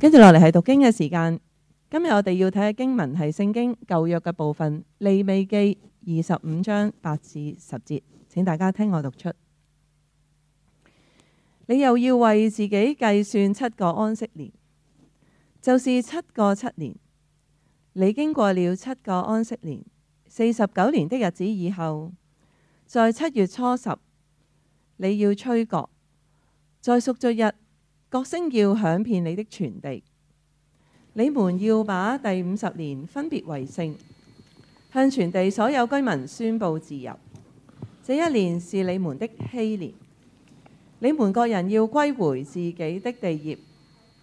跟住落嚟係讀經嘅時間，今日我哋要睇嘅經文係聖經舊約嘅部分。利未記二十五章八至十節，請大家聽我讀出。你又要為自己計算七個安息年，就是七個七年。你經過了七個安息年，四十九年的日子以後，在七月初十，你要吹角，在贖罪日。角聲要響遍你的全地，你們要把第五十年分別為聖，向全地所有居民宣佈自由。這一年是你們的禧年，你們各人要歸回自己的地業，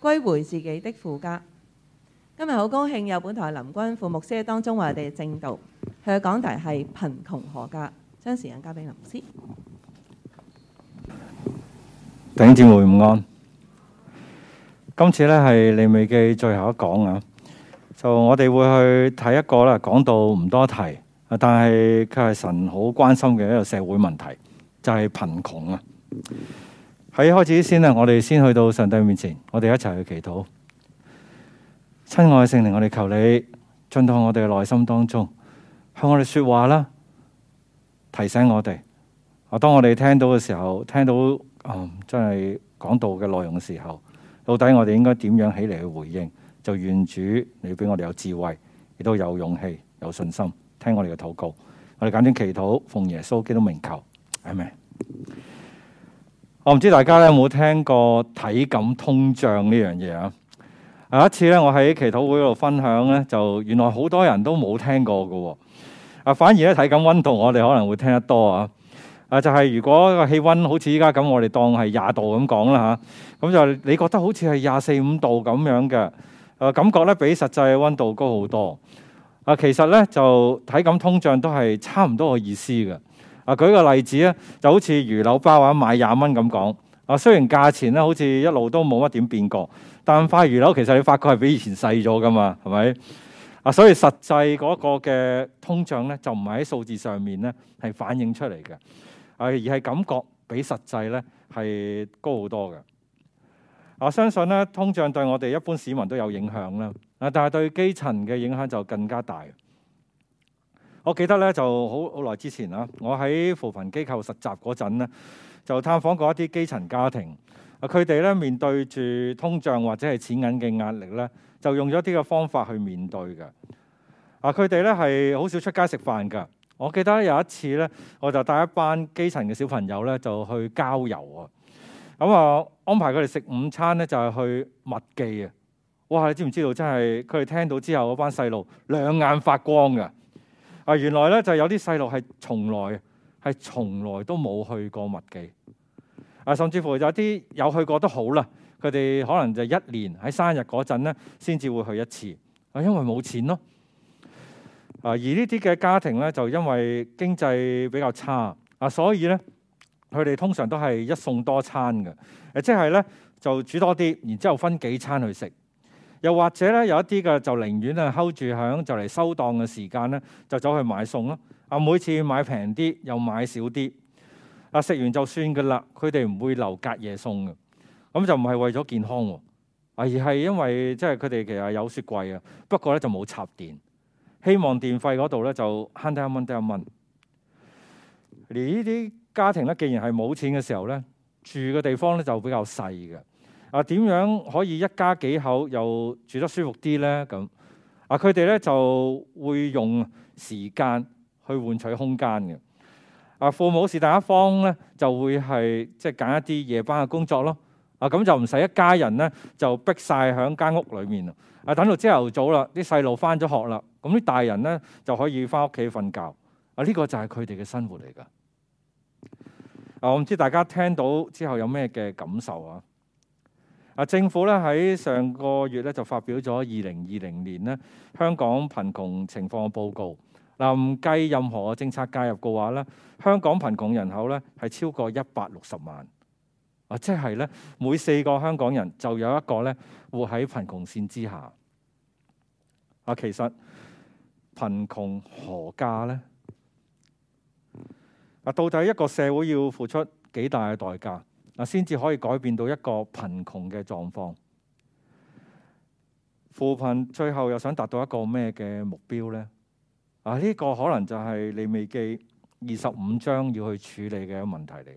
歸回自己的父家。今日好高興有本台林君副牧師喺當中為我哋嘅證道。佢嘅講題係貧窮何價。將間，將時間交俾林師。頂住會午安。今次呢，係利未記最後一講啊，就我哋會去睇一個啦，講到唔多提，但係佢係神好關心嘅一個社會問題，就係貧窮啊。喺開始先啊，我哋先去到上帝面前，我哋一齊去祈禱。親愛嘅聖靈，我哋求你進到我哋嘅內心當中，向我哋說話啦，提醒我哋。啊，當我哋聽到嘅時候，聽到嗯真係講道嘅內容嘅時候，到底我哋應該點樣起嚟去回應？就願主你俾我哋有智慧，亦都有勇氣、有信心。聽我哋嘅禱告，我哋簡短祈禱，奉耶穌基督名求，阿門。我唔知大家咧有冇聽過體感通脹呢樣嘢啊？有一次咧，我喺祈禱會度分享咧，就原來好多人都冇聽過嘅喎。啊，反而咧體感温度我哋可能會聽得多啊。啊，就係如果個氣温好似依家咁，我哋當係廿度咁講啦嚇。咁就你覺得好似係廿四五度咁樣嘅，啊，感覺咧比實際嘅温度高好多啊。其實咧就體感通脹都係差唔多嘅意思嘅。啊，舉個例子咧，就好似魚柳包啊，賣廿蚊咁講啊。雖然價錢咧好似一路都冇乜點變過，但塊魚柳其實你發覺係比以前細咗㗎嘛，係咪啊？所以實際嗰個嘅通脹咧就唔係喺數字上面咧係反映出嚟嘅啊，而係感覺比實際咧係高好多嘅。啊，相信咧通脹對我哋一般市民都有影響啦。啊，但係對基層嘅影響就更加大。我記得咧就好好耐之前啦，我喺扶貧機構實習嗰陣咧，就探訪過一啲基層家庭。啊，佢哋咧面對住通脹或者係錢銀嘅壓力咧，就用咗啲嘅方法去面對嘅。啊，佢哋咧係好少出街食飯㗎。我記得有一次咧，我就帶一班基層嘅小朋友咧就去郊遊啊。咁啊，安排佢哋食午餐咧，就係去麥記啊！哇，你知唔知道？真係佢哋聽到之後，嗰班細路兩眼發光嘅啊！原來咧，就有啲細路係從來係從來都冇去過麥記啊，甚至乎有啲有去過都好啦。佢哋可能就一年喺生日嗰陣咧，先至會去一次啊，因為冇錢咯啊！而呢啲嘅家庭咧，就因為經濟比較差啊，所以咧。佢哋通常都係一餸多餐嘅，誒即係咧就煮多啲，然之後分幾餐去食。又或者咧有一啲嘅就寧願啊睺住響就嚟收檔嘅時間咧，就走去買餸咯。啊每次買平啲又買少啲，啊食完就算嘅啦。佢哋唔會留隔夜餸嘅，咁就唔係為咗健康，啊而係因為即係佢哋其實有雪櫃啊，不過咧就冇插電，希望電費嗰度咧就慳低一蚊得一蚊。連呢啲家庭咧，既然係冇錢嘅時候咧，住嘅地方咧就比較細嘅。啊，點樣可以一家幾口又住得舒服啲咧？咁啊，佢哋咧就會用時間去換取空間嘅。啊，父母其中一方咧，就會係即係揀一啲夜班嘅工作咯。啊，咁就唔使一家人咧就逼晒喺間屋裏面啊。等到朝頭早啦，啲細路返咗學啦，咁啲大人咧就可以返屋企瞓覺。啊，呢個就係佢哋嘅生活嚟噶。啊！我唔知大家聽到之後有咩嘅感受啊？啊，政府咧喺上個月咧就發表咗二零二零年咧香港貧窮情況嘅報告。嗱，唔計任何政策介入嘅話咧，香港貧窮人口咧係超過一百六十萬，啊，即係咧每四個香港人就有一個咧活喺貧窮線之下。啊，其實貧窮何價咧？到底一個社會要付出幾大嘅代價，先至可以改變到一個貧窮嘅狀況？扶貧最後又想達到一個咩嘅目標呢？啊，呢、這個可能就係利未記二十五章要去處理嘅問題嚟、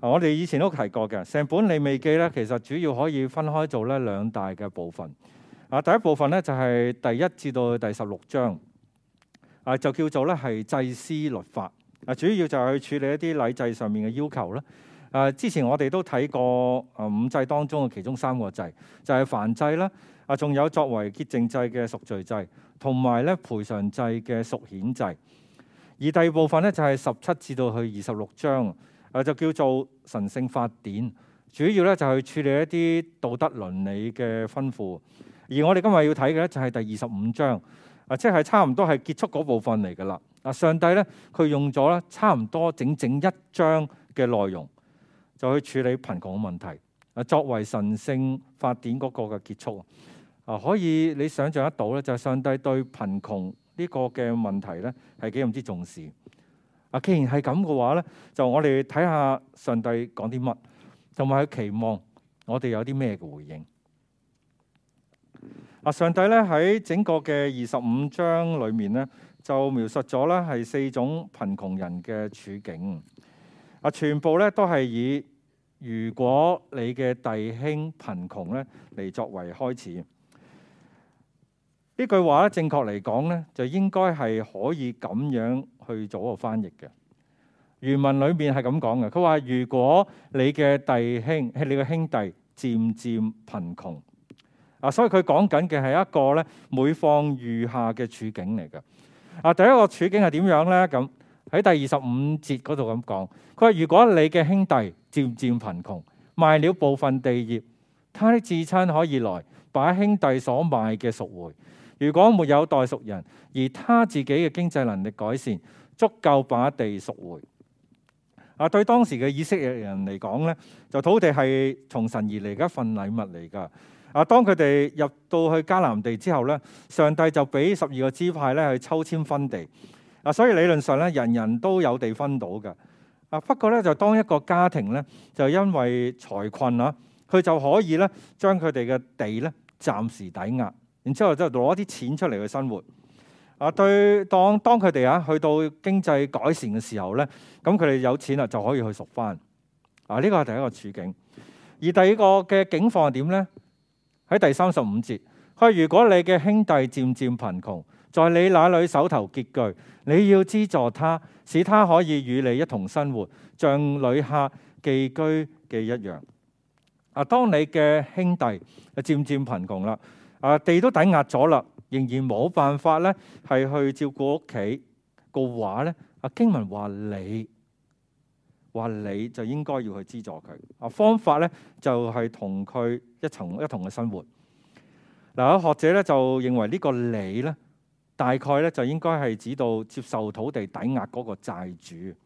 啊。我哋以前都提過嘅，成本利未記呢？其實主要可以分開做兩大嘅部分。啊，第一部分呢，就係、是、第一至到第十六章，啊就叫做咧係祭司律法。啊，主要就係去處理一啲禮制上面嘅要求啦。啊，之前我哋都睇過啊五祭當中嘅其中三個祭，就係、是、燔祭啦。啊，仲有作為潔淨祭嘅贖罪祭，同埋咧賠償祭嘅贖愆祭。而第二部分咧就係十七至到去二十六章，啊就叫做神聖法典，主要咧就係處理一啲道德倫理嘅吩咐。而我哋今日要睇嘅咧就係第二十五章，啊即係差唔多係結束嗰部分嚟㗎啦。上帝咧，佢用咗咧差唔多整整一章嘅內容，就去處理貧窮嘅問題。啊，作為神聖法典嗰個嘅結束啊，可以你想象得到咧，就係上帝對貧窮呢個嘅問題咧，係幾唔知重視。啊，既然係咁嘅話咧，就我哋睇下上帝講啲乜，同埋期望我哋有啲咩嘅回應。啊，上帝咧喺整個嘅二十五章裏面咧，就描述咗咧，係四種貧窮人嘅處境啊！全部咧都係以如果你嘅弟兄貧窮咧嚟作為開始。呢句話咧，正確嚟講咧，就應該係可以咁樣去做個翻譯嘅。原文裏面係咁講嘅。佢話：如果你嘅弟兄係你嘅兄弟，漸漸貧窮啊，所以佢講緊嘅係一個咧每況愈下嘅處境嚟嘅。啊，第一個處境係點樣呢？咁喺第二十五節嗰度咁講，佢話：如果你嘅兄弟漸漸貧窮，賣了部分地業，他的至親可以來把兄弟所賣嘅贖回。如果沒有代贖人，而他自己嘅經濟能力改善，足夠把地贖回。啊，對當時嘅以色列人嚟講呢，就土地係從神而嚟嘅一份禮物嚟噶。啊！當佢哋入到去迦南地之後呢，上帝就俾十二個支派呢去抽籤分地啊。所以理論上呢，人人都有地分到嘅啊。不過呢，就當一個家庭呢，就因為財困啊，佢就可以呢將佢哋嘅地呢暫時抵押，然之後就攞啲錢出嚟去生活啊。對當當佢哋啊去到經濟改善嘅時候呢，咁佢哋有錢啦，就可以去贖翻啊。呢個係第一個處境，而第二個嘅境況係點呢？喺第三十五節，佢，如果你嘅兄弟漸漸貧窮，在你那裏手頭拮據，你要資助他，使他可以與你一同生活，像旅客寄居嘅一樣。啊，當你嘅兄弟啊漸漸貧窮啦，啊地都抵押咗啦，仍然冇辦法咧，係去照顧屋企嘅話咧，啊經文話你。話你就應該要去資助佢，啊，方法咧就係同佢一層一同嘅生活。嗱，有學者咧就認為呢個「你」咧大概咧就應該係指到接受土地抵押嗰個債主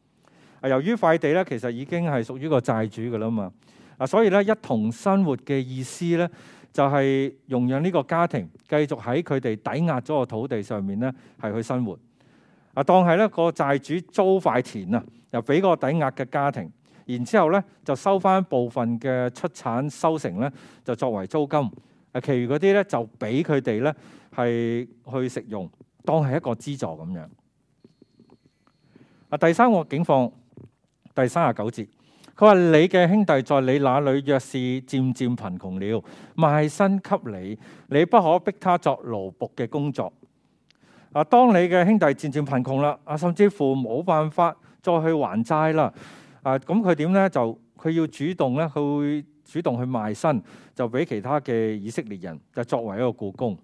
啊，由於塊地咧其實已經係屬於個債主㗎啦嘛。啊，所以咧一同生活嘅意思咧就係容讓呢個家庭繼續喺佢哋抵押咗個土地上面咧係去生活。啊，當係咧個債主租塊田啊，又俾個抵押嘅家庭，然之後咧就收翻部分嘅出產收成咧，就作為租金，啊，其餘嗰啲咧就俾佢哋咧係去食用，當係一個資助咁樣。啊，第三個景況，第三十九節，佢話：你嘅兄弟在你那裏，若是漸漸貧窮了，賣身給你，你不可逼他作勞僕嘅工作。啊！當你嘅兄弟漸漸貧窮啦，啊，甚至乎冇辦法再去還債啦。啊，咁佢點呢？就佢要主動咧，佢會主動去賣身，就俾其他嘅以色列人，就作為一個僱工。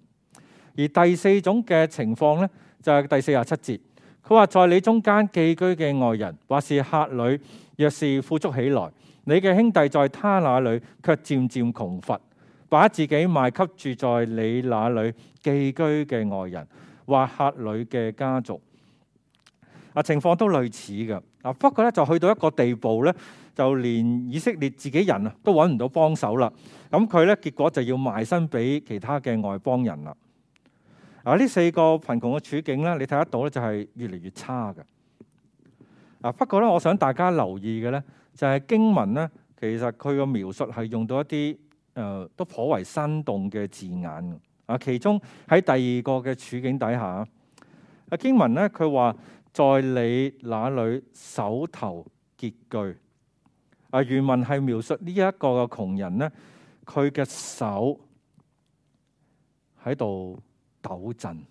而第四種嘅情況呢，就係、是、第四十七節，佢話：在你中間寄居嘅外人或是客旅，若是富足起來，你嘅兄弟在他那裏卻漸漸窮乏，把自己賣給住在你那裏寄居嘅外人。或客旅嘅家族啊，情況都類似嘅啊。不過咧，就去到一個地步咧，就連以色列自己人啊都揾唔到幫手啦。咁佢咧結果就要賣身俾其他嘅外邦人啦。啊，呢四個貧窮嘅處境咧，你睇得到咧，就係越嚟越差嘅。啊，不過咧，我想大家留意嘅咧，就係、是、經文咧，其實佢個描述係用到一啲誒、呃、都頗為生動嘅字眼的。啊，其中喺第二個嘅處境底下，啊，經文咧佢話，在你那裏手頭拮據。啊，原文係描述呢一個嘅窮人咧，佢嘅手喺度抖震。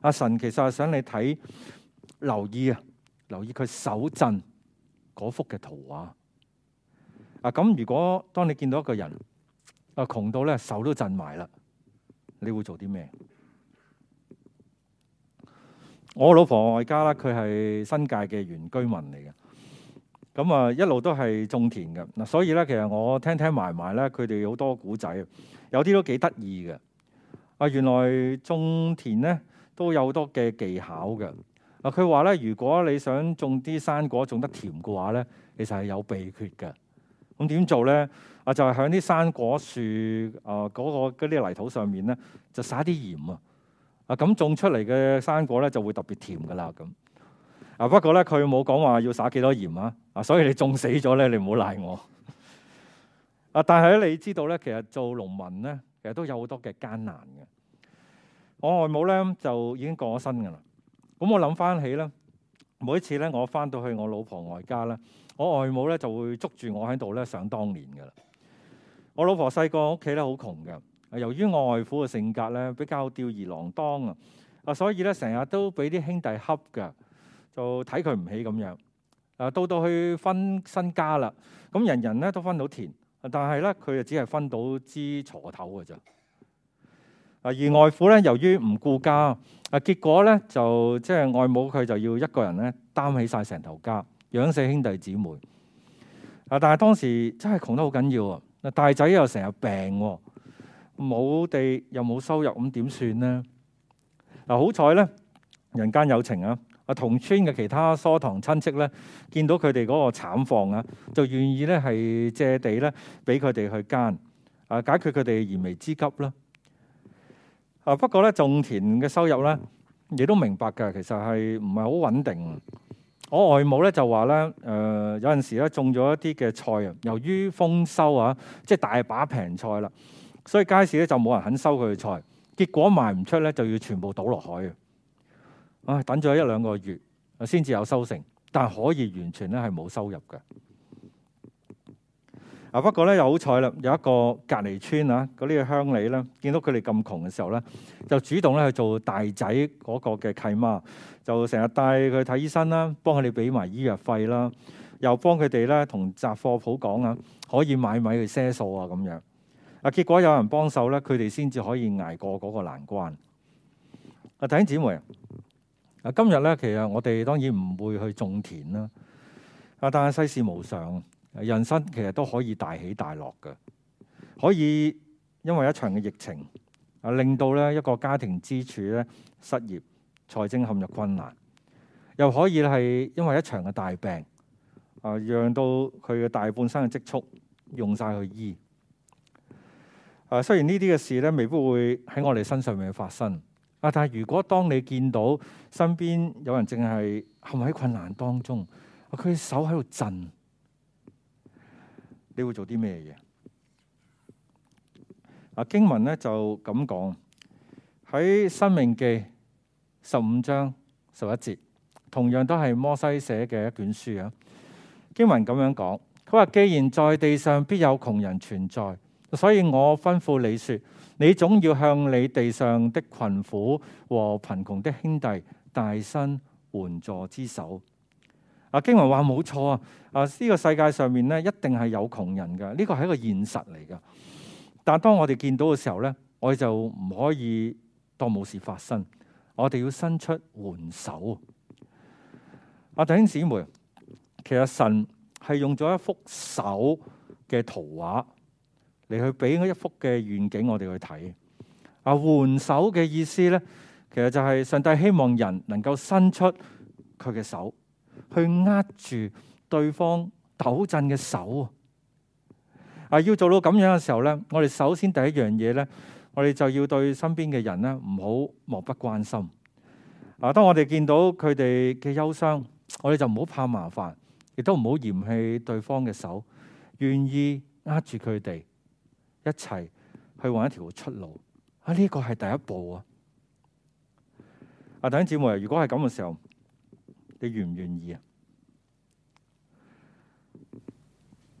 阿神其實係想你睇留意啊，留意佢手震嗰幅嘅圖畫。啊，咁如果當你見到一個人，啊窮到咧手都震埋啦～你會做啲咩？我老婆外家啦，佢係新界嘅原居民嚟嘅，咁啊一路都係種田嘅嗱，所以咧其實我聽聽埋埋咧，佢哋好多古仔，有啲都幾得意嘅。啊，原來種田咧都有好多嘅技巧嘅。啊，佢話咧，如果你想種啲生果種得甜嘅話咧，其實係有秘訣嘅。咁點做咧？啊，就係喺啲山果樹啊，嗰個嗰啲泥土上面咧，就撒啲鹽啊！啊，咁種出嚟嘅山果咧就會特別甜噶啦咁。啊，不過咧佢冇講話要撒幾多鹽啊！啊，所以你種死咗咧，你唔好賴我。啊，但係咧，你知道咧，其實做農民咧，其實都有好多嘅艱難嘅。我外母咧就已經過咗身噶啦。咁我諗翻起咧，每一次咧我翻到去我老婆外家咧，我外母咧就會捉住我喺度咧想當年噶啦。我老婆細個屋企咧好窮嘅。由於外父嘅性格咧比較吊兒郎當啊，啊，所以咧成日都俾啲兄弟恰㗎，就睇佢唔起咁樣啊。到到去分身家啦，咁人人咧都分到田，但係咧佢就只係分到支鋤頭㗎咋。啊，而外父咧由於唔顧家啊，結果咧就即係外母佢就要一個人咧擔起晒成頭家養四兄弟姊妹啊。但係當時真係窮得好緊要。啊。大仔又成日病，冇地又冇收入，咁點算呢？嗱好彩咧，人間有情啊！啊同村嘅其他疏堂親戚咧，見到佢哋嗰個慘況啊，就願意咧係借地咧俾佢哋去耕，啊解決佢哋燃眉之急啦！啊不過咧種田嘅收入咧，亦都明白㗎，其實係唔係好穩定。我外母咧就話咧，誒、呃、有陣時咧種咗一啲嘅菜啊，由於豐收啊，即係大把平菜啦，所以街市咧就冇人肯收佢嘅菜，結果賣唔出咧就要全部倒落海嘅。唉，等咗一兩個月，先至有收成，但可以完全咧係冇收入嘅。嗱，不過咧又好彩啦，有一個隔離村啊，嗰啲鄉里咧，見到佢哋咁窮嘅時候咧，就主動咧去做大仔嗰個嘅契媽，就成日帶佢睇醫生啦，幫佢哋俾埋醫藥費啦，又幫佢哋咧同雜貨鋪講啊，可以買米去賒數啊咁樣。嗱，結果有人幫手咧，佢哋先至可以捱過嗰個難關。啊，弟兄姊妹啊，今日咧其實我哋當然唔會去種田啦，啊但係世事無常。人生其實都可以大起大落嘅，可以因為一場嘅疫情，啊令到咧一個家庭支柱咧失業，財政陷入困難，又可以係因為一場嘅大病，啊讓到佢嘅大半生嘅積蓄用晒去醫。啊，雖然呢啲嘅事咧未必會喺我哋身上面發生，啊，但係如果當你見到身邊有人淨係陷入喺困難當中，佢手喺度震，你會做啲咩嘢？啊經文咧就咁講，喺《申命記》十五章十一節，同樣都係摩西寫嘅一卷書啊。經文咁樣講，佢話，既然在地上必有窮人存在，所以我吩咐你說，你總要向你地上的困苦和貧窮的兄弟，大伸援助之手。阿經文話冇錯啊！啊、這、呢個世界上面咧，一定係有窮人噶。呢個係一個現實嚟噶。但係當我哋見到嘅時候咧，我哋就唔可以當冇事發生。我哋要伸出援手。阿弟兄姊妹，其實神係用咗一幅手嘅圖畫嚟去俾一幅嘅願景，我哋去睇。啊，援手嘅意思咧，其實就係上帝希望人能夠伸出佢嘅手。去握住對方抖震嘅手啊！要做到咁樣嘅時候咧，我哋首先第一樣嘢咧，我哋就要對身邊嘅人咧，唔好漠不關心啊！當我哋見到佢哋嘅憂傷，我哋就唔好怕麻煩，亦都唔好嫌棄對方嘅手，願意握住佢哋一齊去揾一條出路啊！呢個係第一步啊！啊，弟兄姐妹，如果係咁嘅時候，你願唔願意啊？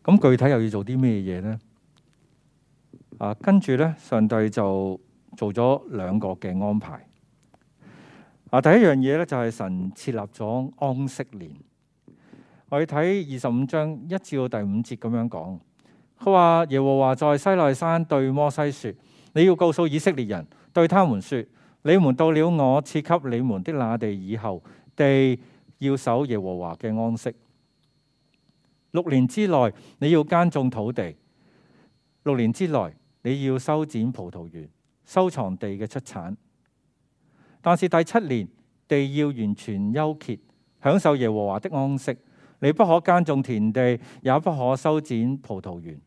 咁具體又要做啲咩嘢呢？啊，跟住呢，上帝就做咗兩個嘅安排。啊，第一樣嘢呢，就係、是、神設立咗安息年。我要睇二十五章一至到第五節咁樣講。佢話耶和華在西奈山對摩西說：你要告訴以色列人，對他們說：你們到了我賜給你們的那地以後，地要守耶和華嘅安息。六年之內你要耕種土地，六年之內你要修剪葡萄園、收藏地嘅出產。但是第七年，地要完全休歇，享受耶和華的安息。你不可耕種田地，也不可修剪葡萄園。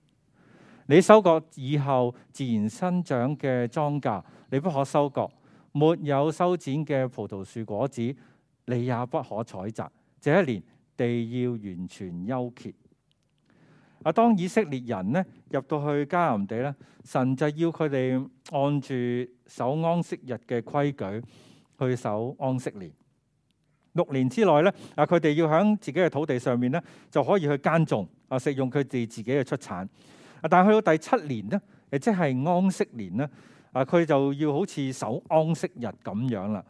你收割以後自然生長嘅莊稼，你不可收割；沒有修剪嘅葡萄樹果子。你也不可採摘，這一年地要完全休歇。啊，當以色列人咧入到去迦南地咧，神就要佢哋按住守安息日嘅規矩去守安息年。六年之內咧，啊佢哋要喺自己嘅土地上面咧就可以去耕種啊，食用佢哋自己嘅出產。啊，但係去到第七年咧，誒即係安息年咧，啊佢就要好似守安息日咁樣啦。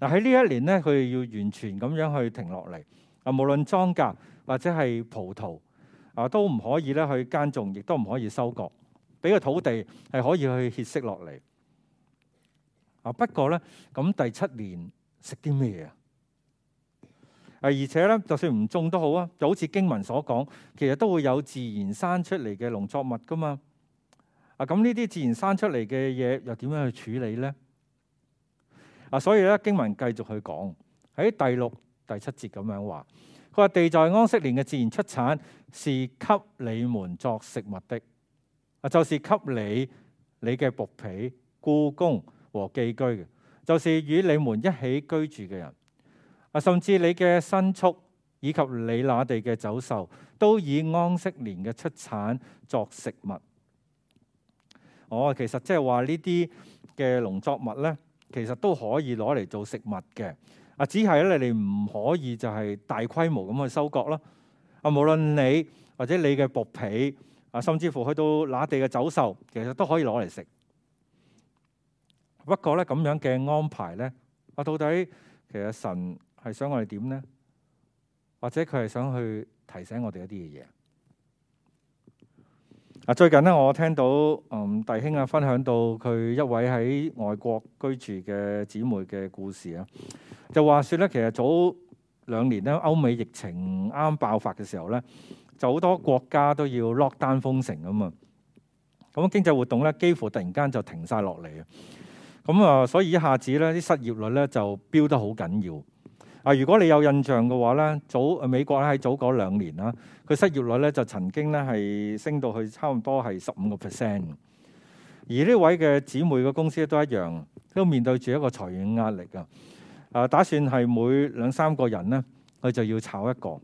嗱喺呢一年咧，佢哋要完全咁樣去停落嚟啊！無論莊稼或者係葡萄啊，都唔可以咧去耕種，亦都唔可以收割，俾個土地係可以去歇息落嚟啊。不過咧，咁第七年食啲咩嘢啊？啊，而且咧，就算唔種都好啊，就好似經文所講，其實都會有自然生出嚟嘅農作物噶嘛。啊，咁呢啲自然生出嚟嘅嘢又點樣去處理咧？嗱，所以咧，經文繼續去講喺第六、第七節咁樣話，佢話地在安息年嘅自然出產是給你們作食物的，啊，就是給你你嘅僕婢、雇工和寄居嘅，就是與你們一起居住嘅人，啊，甚至你嘅牲畜以及你那地嘅走獸都以安息年嘅出產作食物。哦，其實即係話呢啲嘅農作物咧。其實都可以攞嚟做食物嘅，啊，只係咧你哋唔可以就係大規模咁去收割咯。啊，無論你或者你嘅薄皮啊，甚至乎去到那地嘅走獸，其實都可以攞嚟食。不過咧，咁樣嘅安排咧，啊，到底其實神係想我哋點咧？或者佢係想去提醒我哋一啲嘅嘢？嗱，最近咧，我聽到嗯弟兄啊分享到佢一位喺外國居住嘅姊妹嘅故事啊，就話說咧，其實早兩年咧，歐美疫情啱爆發嘅時候咧，就好多國家都要 lockdown 封城啊，咁經濟活動咧幾乎突然間就停晒落嚟啊，咁啊，所以一下子咧啲失業率咧就飆得好緊要。嗱，如果你有印象嘅話咧，早美國咧喺早嗰兩年啦，佢失業率咧就曾經咧係升到去差唔多係十五個 percent，而呢位嘅姊妹嘅公司都一樣，都面對住一個財務壓力啊！啊，打算係每兩三個人咧，佢就要炒一個，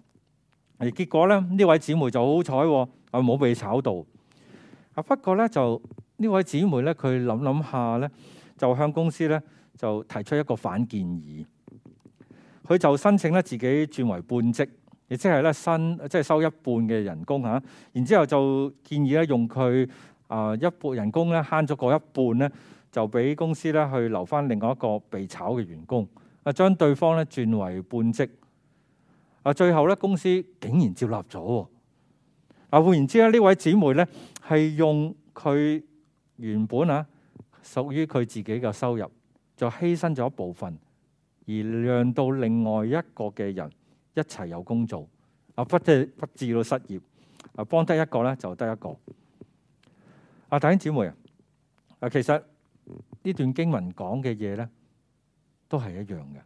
而結果咧呢位姊妹就好彩，啊冇被炒到，啊不過咧就呢位姊妹咧佢諗諗下咧，就向公司咧就提出一個反建議。佢就申請咧自己轉為半職，亦即係咧薪即係收一半嘅人工嚇。然之後就建議咧用佢啊一半人工咧慳咗個一半咧，就俾公司咧去留翻另外一個被炒嘅員工啊，將對方咧轉為半職啊。最後咧公司竟然接納咗。嗱，換言之咧呢位姐妹咧係用佢原本啊屬於佢自己嘅收入，就犧牲咗一部分。而讓到另外一個嘅人一齊有工作，啊不即不至到失業，啊幫得一個咧就得一個。啊弟兄姊妹啊，啊其實呢段經文講嘅嘢咧，都係一樣嘅。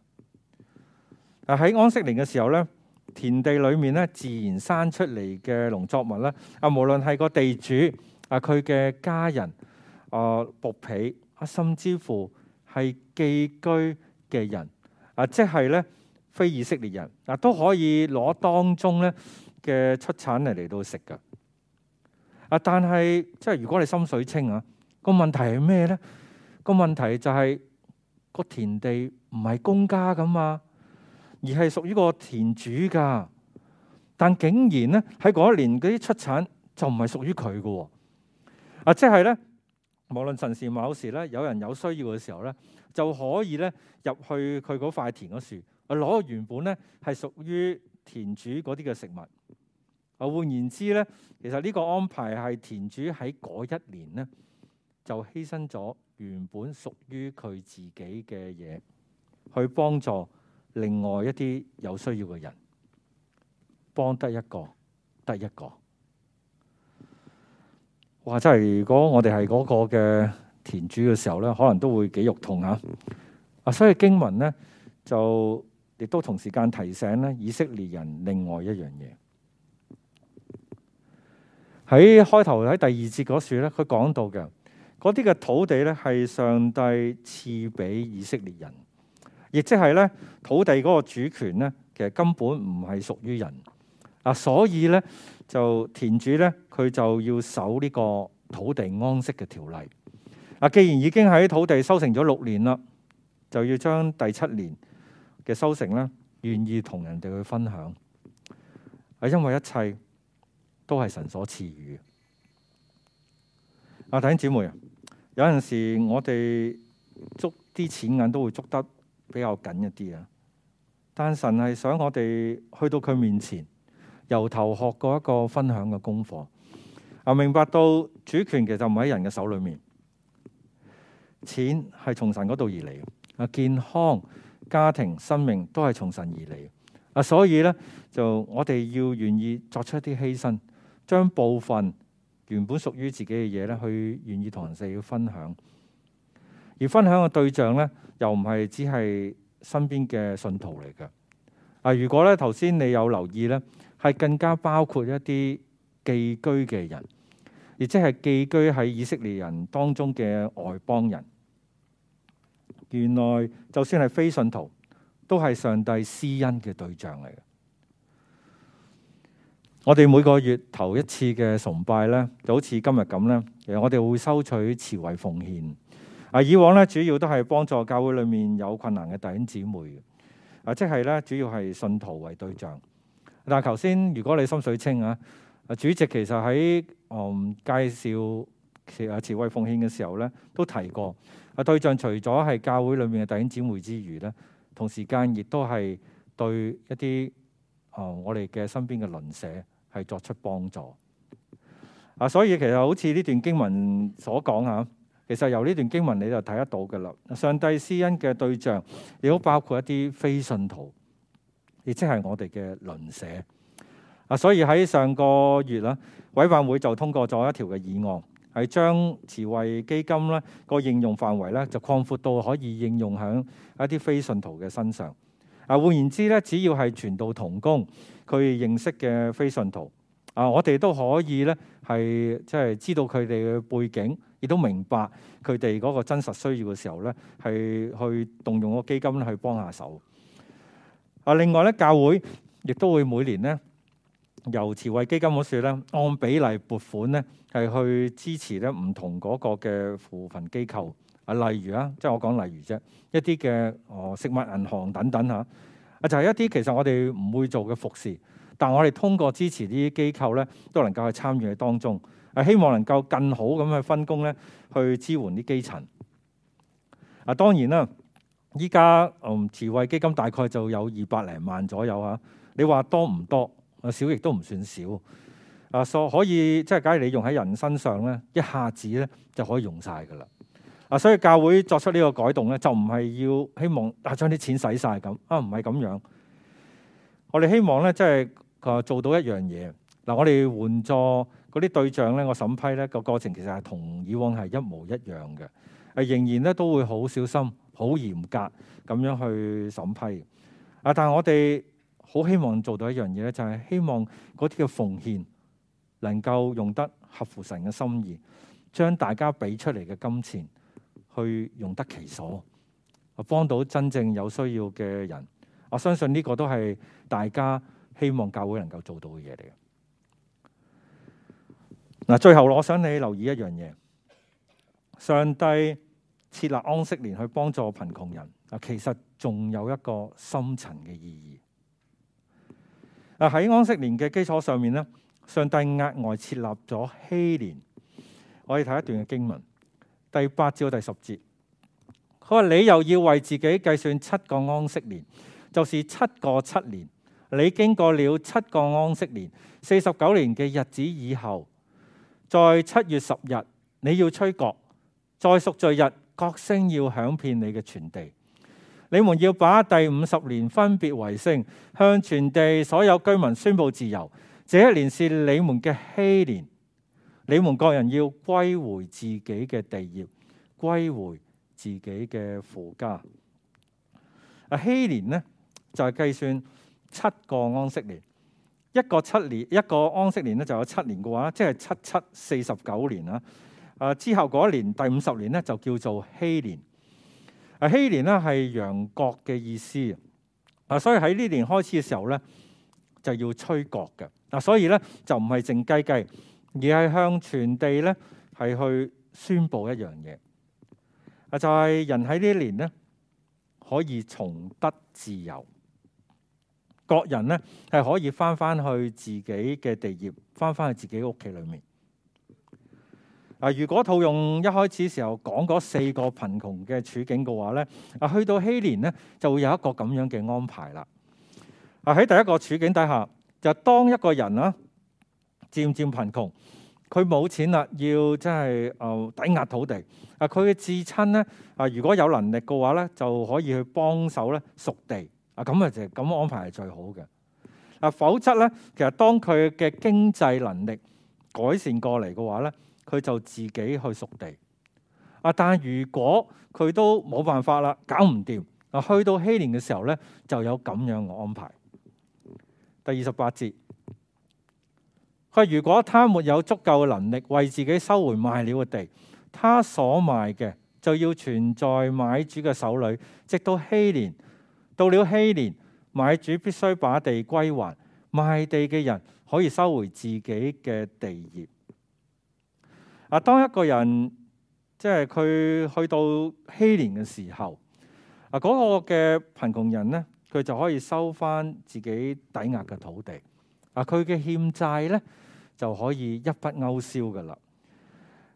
啊喺安息年嘅時候咧，田地裏面咧自然生出嚟嘅農作物咧，啊無論係個地主啊，佢嘅家人啊，僕婢啊，甚至乎係寄居嘅人。啊，即係咧，非以色列人啊，都可以攞當中咧嘅出產嚟嚟到食噶。啊，但係即係如果你心水清啊，個問題係咩咧？個問題就係、係、個田地唔係公家噶嘛，而係屬於個田主噶。但竟然咧喺嗰一年嗰啲出產就唔係屬於佢噶喎。啊，即係咧。無論神時某時咧，有人有需要嘅時候咧，就可以咧入去佢嗰塊田嗰樹，攞原本咧係屬於田主嗰啲嘅食物。啊，換言之咧，其實呢個安排係田主喺嗰一年咧就犧牲咗原本屬於佢自己嘅嘢，去幫助另外一啲有需要嘅人，幫得一個得一個。哇！真係，如果我哋係嗰個嘅田主嘅時候呢，可能都會幾肉痛吓。啊，所以經文呢，就亦都同時間提醒咧以色列人另外一樣嘢。喺開頭喺第二節嗰處咧，佢講到嘅嗰啲嘅土地呢係上帝賜俾以色列人，亦即係呢，土地嗰個主權呢其實根本唔係屬於人。嗱，所以咧就田主咧，佢就要守呢個土地安息嘅條例。嗱，既然已經喺土地收成咗六年啦，就要將第七年嘅收成咧，願意同人哋去分享。係因為一切都係神所賜予。啊，弟兄姊妹啊，有陣時我哋捉啲錢銀都會捉得比較緊一啲啊，但神係想我哋去到佢面前。由頭學過一個分享嘅功課啊，明白到主權其實唔喺人嘅手裏面，錢係從神嗰度而嚟啊，健康、家庭、生命都係從神而嚟啊，所以呢，就我哋要願意作出一啲犧牲，將部分原本屬於自己嘅嘢呢，去願意同人哋要分享。而分享嘅對象呢，又唔係只係身邊嘅信徒嚟嘅啊。如果呢，頭先你有留意呢，係更加包括一啲寄居嘅人，亦即係寄居喺以色列人當中嘅外邦人。原來就算係非信徒，都係上帝施恩嘅對象嚟嘅。我哋每個月頭一次嘅崇拜呢，就好似今日咁咧。誒，我哋會收取慈惠奉獻。啊，以往呢，主要都係幫助教會裏面有困難嘅弟兄姊妹啊，即係呢，主要係信徒為對象。嗱，頭先如果你心水清啊，主席其實喺誒、呃、介紹誒慈惠奉獻嘅時候咧，都提過啊對象除咗係教會裏面嘅弟兄姊妹之餘咧，同時間亦都係對一啲誒、呃、我哋嘅身邊嘅鄰舍係作出幫助啊，所以其實好似呢段經文所講啊，其實由呢段經文你就睇得到㗎啦，上帝施恩嘅對象亦都包括一啲非信徒。亦即係我哋嘅鄰舍啊，所以喺上個月啦，委辦會就通過咗一條嘅議案，係將慈惠基金咧個應用範圍咧就擴闊到可以應用喺一啲非信徒嘅身上。啊，換言之咧，只要係傳道同工，佢認識嘅非信徒啊，我哋都可以咧係即係知道佢哋嘅背景，亦都明白佢哋嗰個真實需要嘅時候咧，係去動用個基金去幫下手。啊，另外咧，教會亦都會每年咧，由慈惠基金嗰處咧，按比例撥款咧，係去支持咧唔同嗰個嘅扶貧機構啊，例如啊，即係我講例如啫，一啲嘅哦食物銀行等等嚇，啊就係一啲其實我哋唔會做嘅服侍，但係我哋通過支持啲機構咧，都能夠去參與當中，啊，希望能夠更好咁去分工咧，去支援啲基層。啊，當然啦。依家嗯，慈惠基金大概就有二百零萬左右嚇。你話多唔多？啊，少亦都唔算少。啊，所以可以即係假如你用喺人身上咧，一下子咧就可以用晒㗎啦。啊，所以教會作出呢個改動咧，就唔係要希望啊將啲錢使晒咁啊，唔係咁樣。我哋希望咧，即係個做到一樣嘢嗱，我哋援助嗰啲對象咧，我審批咧個過程其實係同以往係一模一樣嘅，誒仍然咧都會好小心，好嚴格咁樣去審批啊！但係我哋好希望做到一樣嘢咧，就係希望嗰啲嘅奉獻能夠用得合乎神嘅心意，將大家俾出嚟嘅金錢去用得其所，啊，幫到真正有需要嘅人。我相信呢個都係大家希望教會能夠做到嘅嘢嚟嘅。嗱，最後我想你留意一樣嘢，上帝。設立安息年去幫助貧窮人，啊，其實仲有一個深層嘅意義。啊，喺安息年嘅基礎上面咧，上帝額外設立咗禧年。我哋睇一段嘅經文，第八至第十節，佢話，你又要為自己計算七個安息年，就是七個七年。你經過了七個安息年，四十九年嘅日子以後，在七月十日你要吹角，在贖罪日。角聲要響遍你嘅全地，你們要把第五十年分別為聖，向全地所有居民宣布自由。這一年是你們嘅禧年，你們各人要歸回自己嘅地業，歸回自己嘅父家。啊，禧年呢，就係計算七個安息年，一個七年，一個安息年咧就有七年嘅話，即係七七四十九年啦。啊！之後嗰一年，第五十年咧就叫做禧年。啊，禧年咧係羊角嘅意思。啊，所以喺呢年開始嘅時候咧，就要吹角嘅。嗱，所以咧就唔係靜雞雞，而係向全地咧係去宣佈一樣嘢。啊，就係、是、人喺呢年咧可以重得自由，各人咧係可以翻翻去自己嘅地業，翻翻去自己屋企裏面。嗱，如果套用一開始時候講嗰四個貧窮嘅處境嘅話咧，啊，去到禧年咧就會有一個咁樣嘅安排啦。啊，喺第一個處境底下，就當一個人啊漸漸貧窮，佢冇錢啦，要即係誒抵押土地。啊，佢嘅至親咧啊，如果有能力嘅話咧，就可以去幫手咧贖地。啊、就是，咁啊就咁安排係最好嘅。啊，否則咧，其實當佢嘅經濟能力改善過嚟嘅話咧，佢就自己去贖地啊！但如果佢都冇辦法啦，搞唔掂啊！去到禧年嘅時候呢，就有咁樣嘅安排。第二十八節，佢如果他沒有足夠嘅能力為自己收回賣了嘅地，他所賣嘅就要存在買主嘅手裏，直到禧年。到了禧年，買主必須把地歸還賣地嘅人，可以收回自己嘅地業。啊，當一個人即係佢去到禧年嘅時候，啊、那、嗰個嘅貧窮人咧，佢就可以收返自己抵押嘅土地，啊，佢嘅欠債咧就可以一筆勾銷㗎喇。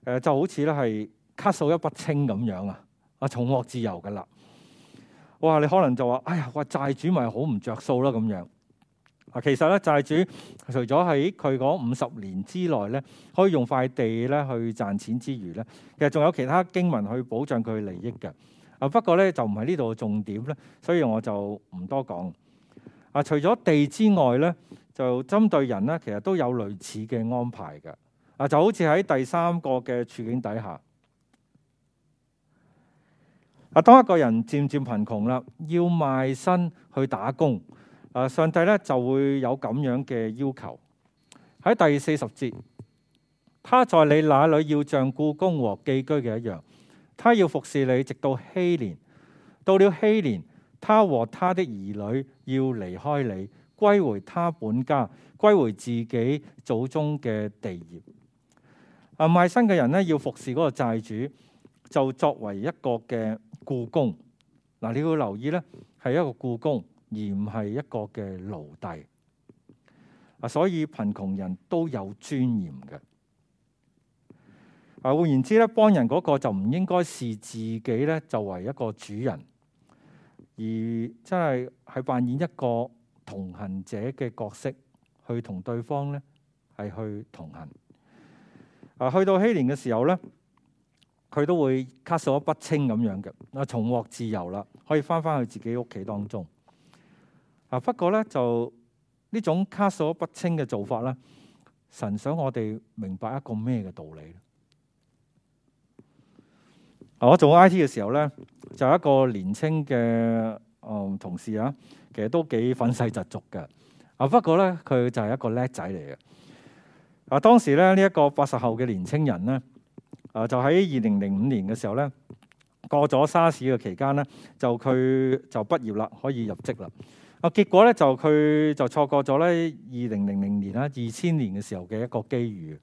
誒就好似咧係卡數一筆清咁樣啊，啊重獲自由㗎喇。哇！你可能就話：哎呀，個債主咪好唔着數咯咁樣。啊，其實咧，債主除咗喺佢嗰五十年之內咧，可以用塊地咧去賺錢之餘咧，其實仲有其他經文去保障佢利益嘅。啊，不過咧就唔係呢度嘅重點咧，所以我就唔多講。啊，除咗地之外咧，就針對人咧，其實都有類似嘅安排嘅。啊，就好似喺第三個嘅處境底下，啊，當一個人漸漸貧窮啦，要賣身去打工。啊！上帝咧就會有咁樣嘅要求，喺第四十節，他在你那裏要像僱工和寄居嘅一樣，他要服侍你直到禧年。到了禧年，他和他的兒女要離開你，歸回他本家，歸回自己祖宗嘅地業。啊，賣身嘅人呢要服侍嗰個債主，就作為一個嘅僱工。嗱，你要留意呢係一個僱工。而唔係一個嘅奴隸啊，所以貧窮人都有尊嚴嘅啊。換言之咧，幫人嗰個就唔應該視自己咧，作為一個主人，而真係係扮演一個同行者嘅角色，去同對方咧係去同行啊。去到禧年嘅時候咧，佢都會卡數不清咁樣嘅啊，重獲自由啦，可以返返去自己屋企當中。嗱、啊，不過咧就呢種卡所不清嘅做法咧，神想我哋明白一個咩嘅道理。我做 I T 嘅時候咧，就有一個年青嘅嗯同事啊，其實都幾憤世嫉俗嘅。啊，不過咧佢就係一個叻仔嚟嘅。嗱，當時咧呢一、這個八十後嘅年青人咧，啊就喺二零零五年嘅時候咧過咗沙士嘅期間咧，就佢就畢業啦，可以入職啦。啊！結果咧就佢就錯過咗咧二零零零年啦，二千年嘅時候嘅一個機遇。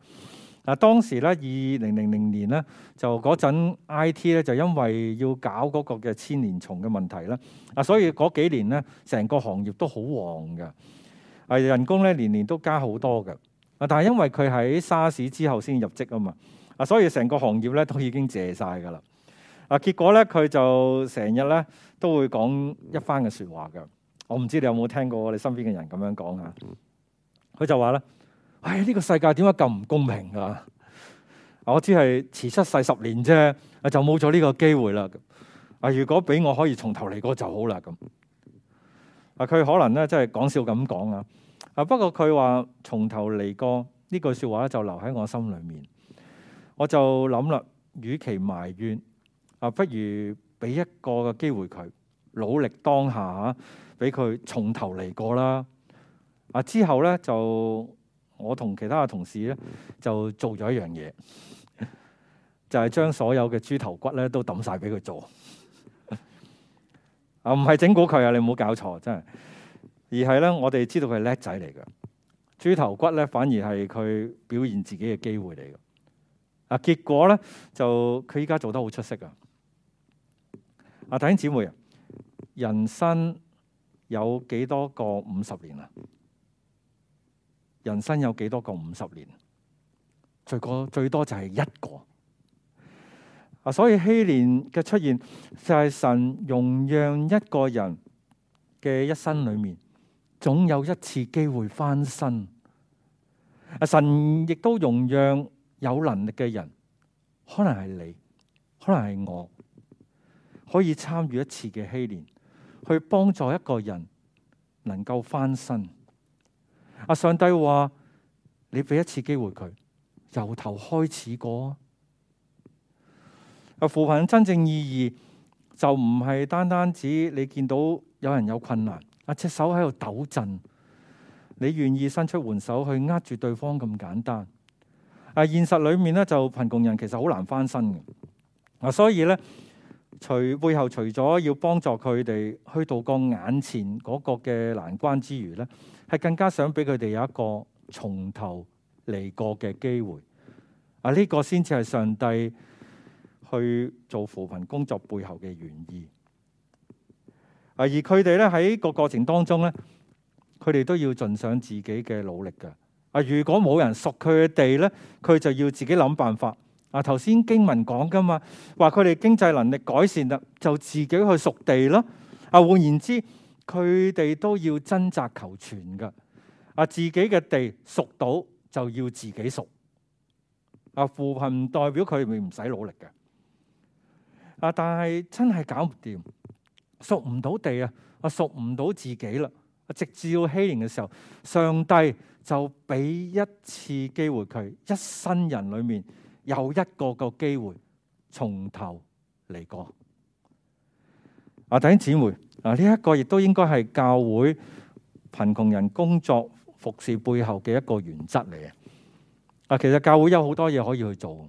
嗱，當時咧二零零零年咧就嗰陣 IT 咧就因為要搞嗰個嘅千年蟲嘅問題啦。啊，所以嗰幾年咧成個行業都好旺㗎啊，人工咧年年都加好多㗎啊。但係因為佢喺沙士之後先入職啊嘛啊，所以成個行業咧都已經謝晒㗎啦。啊，結果咧佢就成日咧都會講一番嘅説話㗎。我唔知你有冇聽過你身邊嘅人咁樣講啊？佢就話咧，唉，呢個世界點解咁唔公平啊？我只係遲出世十年啫，就冇咗呢個機會啦。啊，如果俾我可以從頭嚟過就好啦。咁啊，佢可能咧真係講笑咁講啊。啊，不過佢話從頭嚟過呢句說話就留喺我心裏面。我就諗啦，與其埋怨啊，不如俾一個嘅機會佢努力當下。俾佢從頭嚟過啦。啊，之後咧，就我同其他嘅同事咧，就做咗一樣嘢，就係將所有嘅豬頭骨咧都抌晒俾佢做。啊，唔係整蠱佢啊，你冇搞錯，真係。而係咧，我哋知道佢係叻仔嚟嘅，豬頭骨咧，反而係佢表現自己嘅機會嚟嘅。啊，結果咧，就佢依家做得好出色㗎。啊，弟兄姊妹啊，人生。有幾多個五十年啊？人生有幾多個五十年？最多最多就係一個。啊，所以希年嘅出現就係神容讓一個人嘅一生裏面，總有一次機會翻身。啊，神亦都容讓有能力嘅人，可能係你，可能係我，可以參與一次嘅希年。去幫助一個人能夠翻身。阿上帝話：你俾一次機會佢，由頭開始過、啊。阿扶貧真正意義就唔係單單指你見到有人有困難，阿隻手喺度抖震，你願意伸出援手去握住對方咁簡單。阿現實裏面咧就貧窮人其實好難翻身嘅。嗱，所以咧。除背後除咗要幫助佢哋去渡過眼前嗰個嘅難關之餘呢，係更加想俾佢哋有一個從頭嚟過嘅機會。啊，呢個先至係上帝去做扶貧工作背後嘅原意。啊，而佢哋咧，喺個過程當中呢，佢哋都要盡上自己嘅努力嘅。啊，如果冇人屬佢哋呢，佢就要自己諗辦法。啊！頭先經文講噶嘛，話佢哋經濟能力改善啦，就自己去贖地咯。啊，換言之，佢哋都要掙扎求存噶。啊，自己嘅地贖到就要自己贖。啊，扶貧唔代表佢哋唔使努力嘅。啊，但係真係搞唔掂，贖唔到地啊，啊贖唔到自己啦。直至要禧年嘅時候，上帝就俾一次機會佢，一生人裏面。又一個個機會從頭嚟過。啊，弟兄姊妹，啊，呢一個亦都應該係教會貧窮人工作服侍背後嘅一個原則嚟嘅。啊，其實教會有好多嘢可以去做。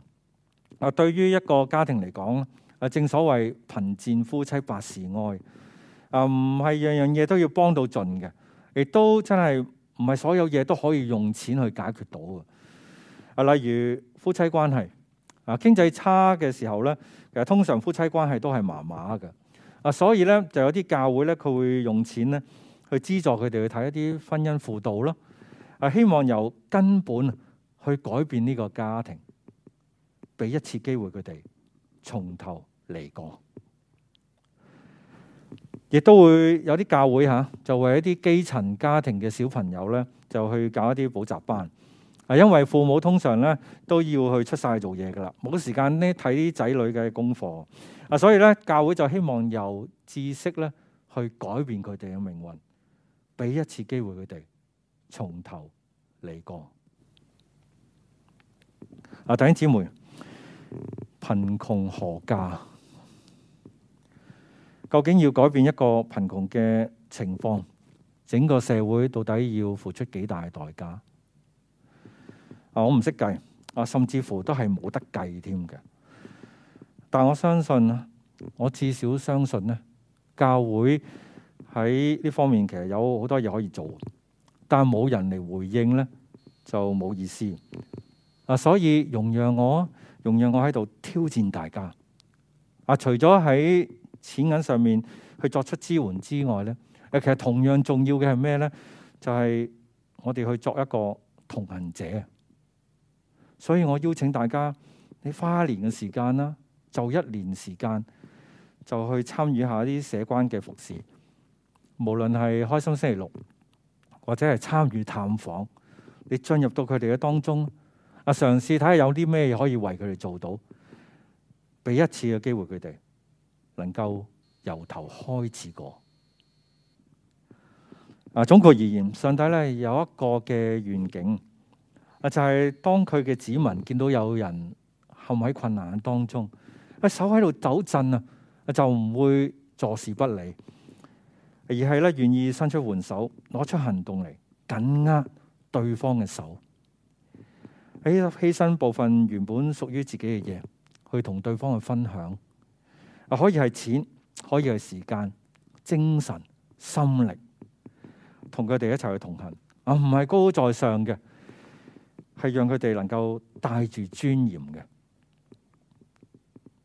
啊，對於一個家庭嚟講，啊，正所謂貧賤夫妻百事哀。啊，唔係樣樣嘢都要幫到盡嘅，亦都真係唔係所有嘢都可以用錢去解決到嘅。啊，例如夫妻關係，啊，經濟差嘅時候咧，其實通常夫妻關係都係麻麻嘅。啊，所以咧就有啲教會咧，佢會用錢咧去資助佢哋去睇一啲婚姻輔導咯。啊，希望由根本去改變呢個家庭，俾一次機會佢哋從頭嚟過。亦都會有啲教會嚇，就為一啲基層家庭嘅小朋友咧，就去搞一啲補習班。因為父母通常咧都要去出晒做嘢噶啦，冇時間咧睇仔女嘅功課啊，所以咧教會就希望由知識咧去改變佢哋嘅命運，俾一次機會佢哋從頭嚟過。啊，弟兄姊妹，貧窮何價？究竟要改變一個貧窮嘅情況，整個社會到底要付出幾大代價？啊！我唔識計啊，甚至乎都係冇得計添嘅。但我相信啊，我至少相信呢教會喺呢方面其實有好多嘢可以做，但冇人嚟回應呢，就冇意思啊。所以容讓我容讓我喺度挑戰大家啊！除咗喺錢銀上面去作出支援之外呢，誒，其實同樣重要嘅係咩呢？就係我哋去作一個同行者。所以我邀請大家，你花一年嘅時間啦，就一年時間，就去參與下啲社關嘅服侍，無論係開心星期六，或者係參與探訪，你進入到佢哋嘅當中，啊，嘗試睇下有啲咩嘢可以為佢哋做到，俾一次嘅機會佢哋能夠由頭開始過。啊，總括而言，上帝咧有一個嘅願景。啊，就係、是、當佢嘅子民見到有人陷喺困難嘅當中，啊手喺度抖震啊，啊就唔會坐視不理，而係咧願意伸出援手，攞出行動嚟緊握對方嘅手，誒犧牲部分原本屬於自己嘅嘢去同對方去分享啊，可以係錢，可以係時間、精神、心力，同佢哋一齊去同行啊，唔係高高在上嘅。係讓佢哋能夠帶住尊嚴嘅，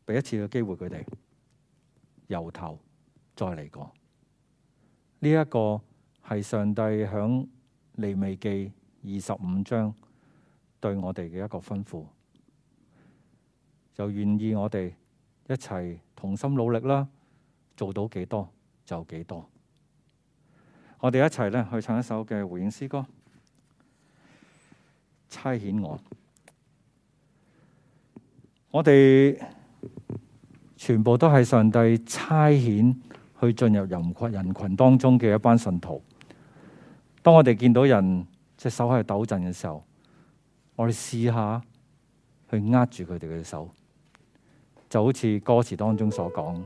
俾一次嘅機會佢哋由頭再嚟過。呢、這、一個係上帝響利未記二十五章對我哋嘅一個吩咐，就願意我哋一齊同心努力啦，做到幾多就幾多。我哋一齊咧去唱一首嘅回應詩歌。差遣我，我哋全部都係上帝差遣去進入人群人群當中嘅一班信徒。當我哋見到人隻手喺度抖震嘅時候，我哋試下去握住佢哋嘅手，就好似歌詞當中所講。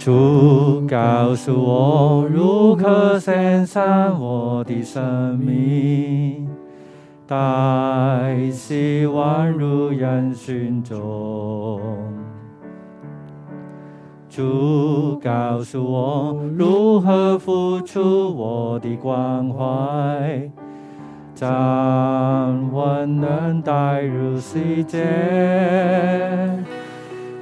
主告訴我如何獻上我的生命，帶希望入人群中。主告訴我如何付出我的關懷，將溫暖帶入世界。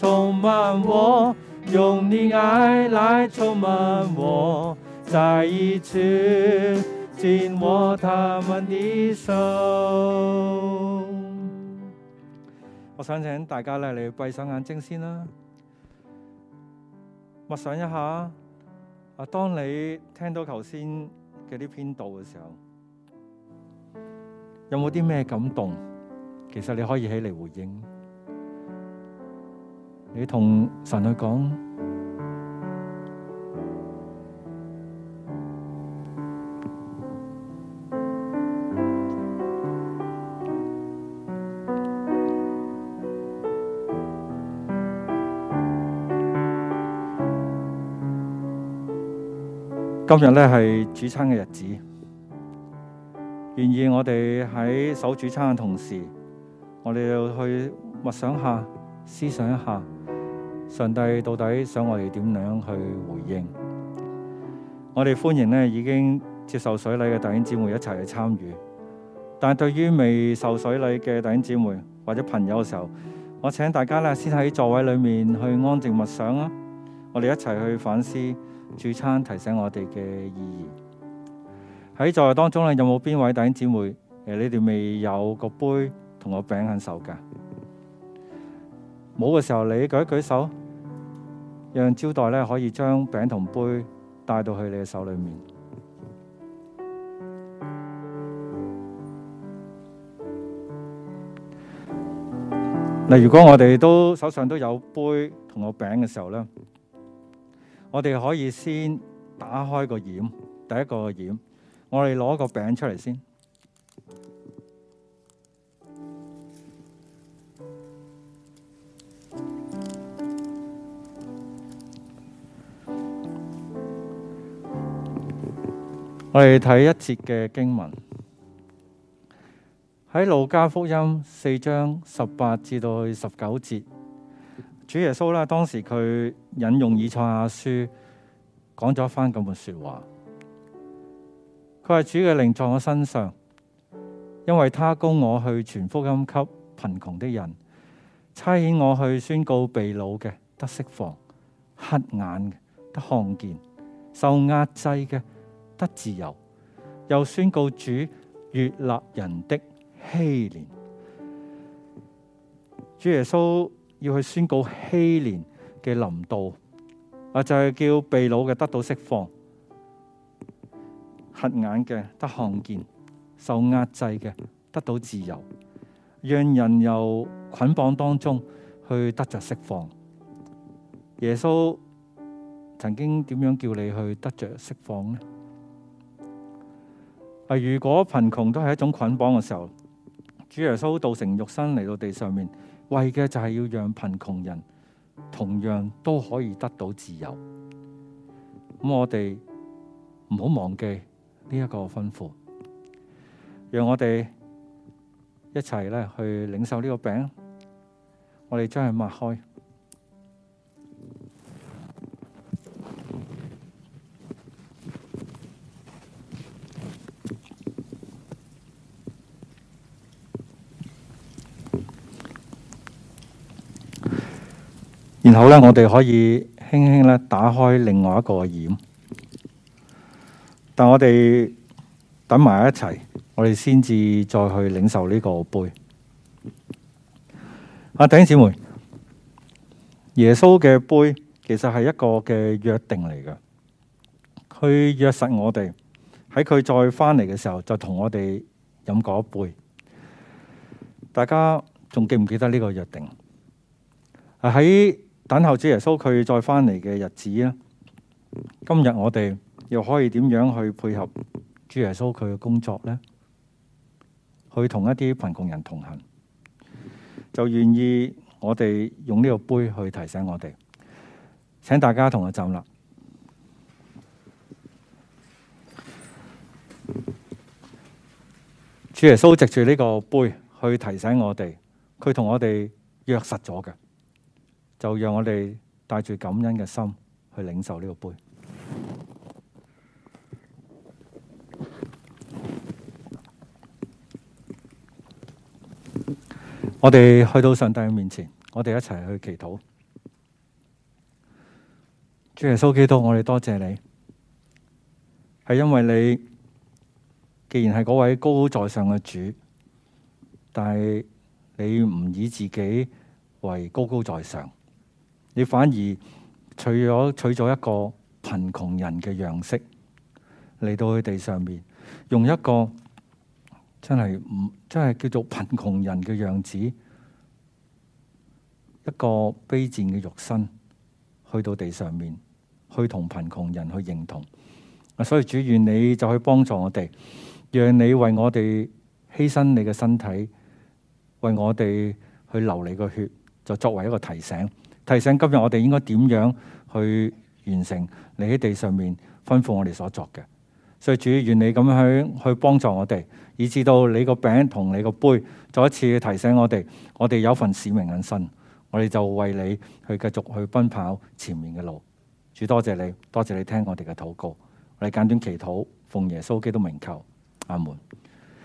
充滿我，用你愛來充滿我，再一次緊握他們的手。我想請大家咧你閉上眼睛先啦，默想一下。啊，當你聽到頭先嘅啲編導嘅時候，有冇啲咩感動？其實你可以起嚟回應。你同神去講。今日咧係主餐嘅日子，願意我哋喺守主餐嘅同時，我哋又去默想下、思想一下。上帝到底想我哋點樣去回應？我哋歡迎咧已經接受水禮嘅弟兄姊妹一齊去參與。但係對於未受水禮嘅弟兄姊妹或者朋友嘅時候，我請大家咧先喺座位裏面去安靜默想啊！我哋一齊去反思主餐提醒我哋嘅意義。喺座位當中咧，有冇邊位弟兄姊妹誒、呃？你哋未有個杯同個餅肯受噶？冇嘅時候，你舉一舉手。讓招待咧可以將餅同杯帶到去你嘅手裏面。嗱，如果我哋都手上都有杯同個餅嘅時候咧，我哋可以先打開個掩，第一個掩，我哋攞個餅出嚟先。我哋睇一節嘅經文，喺路加福音四章十八至到去十九節，主耶穌啦，當時佢引用以賽亞書講咗翻咁段說話。佢話，主嘅靈在我身上，因為他膏我去傳福音給貧窮的人，差遣我去宣告被擄嘅得釋放、瞎眼嘅得看見、受壓制嘅。得自由，又宣告主悅納人的禧年。主耶穌要去宣告禧年嘅臨到，啊就係、是、叫被擄嘅得到釋放，瞎眼嘅得看見，受壓制嘅得到自由，讓人由捆綁當中去得着釋放。耶穌曾經點樣叫你去得着釋放呢？嗱，如果貧窮都係一種捆綁嘅時候，主耶穌道成肉身嚟到地上面，為嘅就係要讓貧窮人同樣都可以得到自由。咁我哋唔好忘記呢一個吩咐，讓我哋一齊咧去領受呢個餅，我哋將佢抹開。好啦，我哋可以輕輕咧打開另外一個掩，但我哋等埋一齊，我哋先至再去領受呢個杯。阿弟兄姊妹，耶穌嘅杯其實係一個嘅約定嚟㗎，佢約實我哋喺佢再返嚟嘅時候，就同我哋飲嗰杯。大家仲記唔記得呢個約定？喺等候主耶穌佢再返嚟嘅日子呢，今日我哋又可以點樣去配合主耶穌佢嘅工作呢？去同一啲貧窮人同行，就願意我哋用呢個杯去提醒我哋，請大家同我站立。主耶穌藉住呢個杯去提醒我哋，佢同我哋約實咗嘅。就讓我哋帶住感恩嘅心去領受呢個杯。我哋去到上帝嘅面前，我哋一齊去祈禱。主耶穌基督，我哋多謝、謝你，係因為你既然係嗰位高高在上嘅主，但係你唔以自己為高高在上。你反而取咗取咗一個貧窮人嘅樣式嚟到佢地上面，用一個真係唔真係叫做貧窮人嘅樣子，一個卑賤嘅肉身去到地上面，去同貧窮人去認同啊。所以主願你就去幫助我哋，讓你為我哋犧牲你嘅身體，為我哋去流你個血，就作為一個提醒。提醒今日我哋應該點樣去完成你喺地上面吩咐我哋所作嘅，所以主願你咁樣去幫助我哋，以至到你個餅同你個杯再一次提醒我哋，我哋有份使命引申，我哋就為你去繼續去奔跑前面嘅路主。主多謝你，多謝你聽我哋嘅禱告，我哋簡短祈禱，奉耶穌基督名求，阿門。